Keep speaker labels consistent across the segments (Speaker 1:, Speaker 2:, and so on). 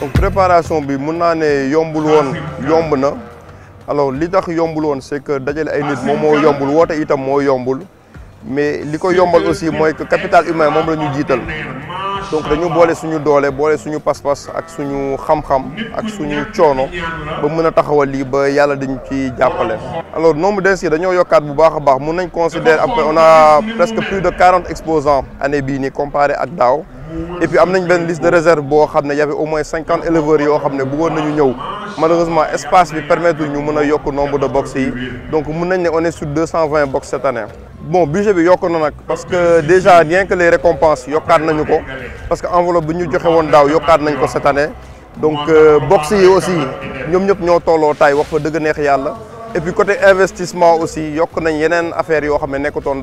Speaker 1: donc préparation bi mun naa ne yombul yomb na alors li tax yombul c'est que dajale ay nit momo yombul woote itam mo yombul mais lico ko yombal aussi Moi, que capital humain moom la ñu donc dañu boole suñu doole boole suñu pas-pas ak suñu xam-xam ak suñu coono ba mën a taxawal lii ba yàlla dañu ci jàppale. alors nombre d'inscrits dañoo yokkaat bu baax a baax mun on a presque plus de quarante exposants année bii comparé à daaw et puis y ben une liste de réserve où il y avait au moins 50 éleveurs qui xam venir. malheureusement l'espace bi permet de mën a nombre de boxeurs. donc on est sur 220 boxeurs cette année. bon le budget bi là parce que déjà rien que les récompenses il nañu ko parce que l'enveloppe que nous avons il y a cette année donc euh, box yi aussi ils ñëpp ñoo tolloo taay wax fa dëgg neex et puis côté investissement aussi yokk nañ des affaires qui qui ne nekkutoon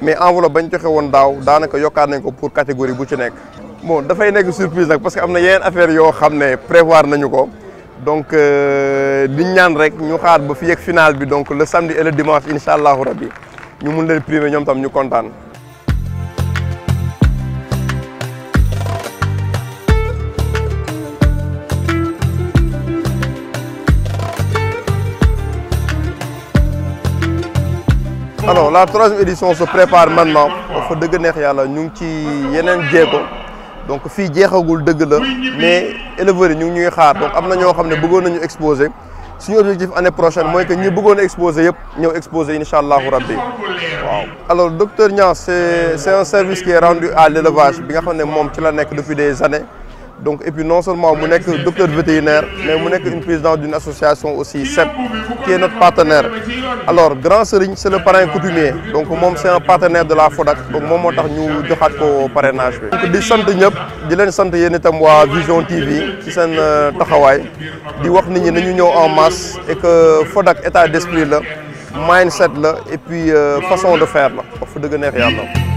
Speaker 1: mais enveloppe bañ joxe daw danaka daanaka nañ ko pour catégorie bu ci nek bon da fay nek surprise nak parce que amna na affaire yo xamné prévoir nañu ko donc euh, di ñaan rek ñu xaar ba fi ak final bi donc le samedi et le dimanche inshallah rabbi ñu mun leen primer ñoom tam ñu contane alors la troisième édition se prépare maintenant fa dëgg neex yàlla ñu ci yeneen donc fi jeexagul dëgg la mais éleveurs nous ñu ngi xaar donc am na nous xam ne exposé objectif année prochaine c'est que ñi bëggoon exposé exposer, nous exposé incha allahu rabbi waaw. alors docteur Nyan, c'est un service qui est rendu à l'élevage, Bien bi nga membre ne la depuis des années donc et puis non seulement mu suis docteur vétérinaire mais mu suis une présidente d'une association aussi CEP qui est notre partenaire alors Grand Serigne c'est le parrain coutumier donc je c'est un partenaire de la FODAC donc moi, je tax ñu parrainage bi. donc di sant ñëpp di leen sant Vision TV qui est taxawaay di wax nit ñi nañu en masse et que FODAC état d'esprit la mindset là, et puis euh, façon de faire la fa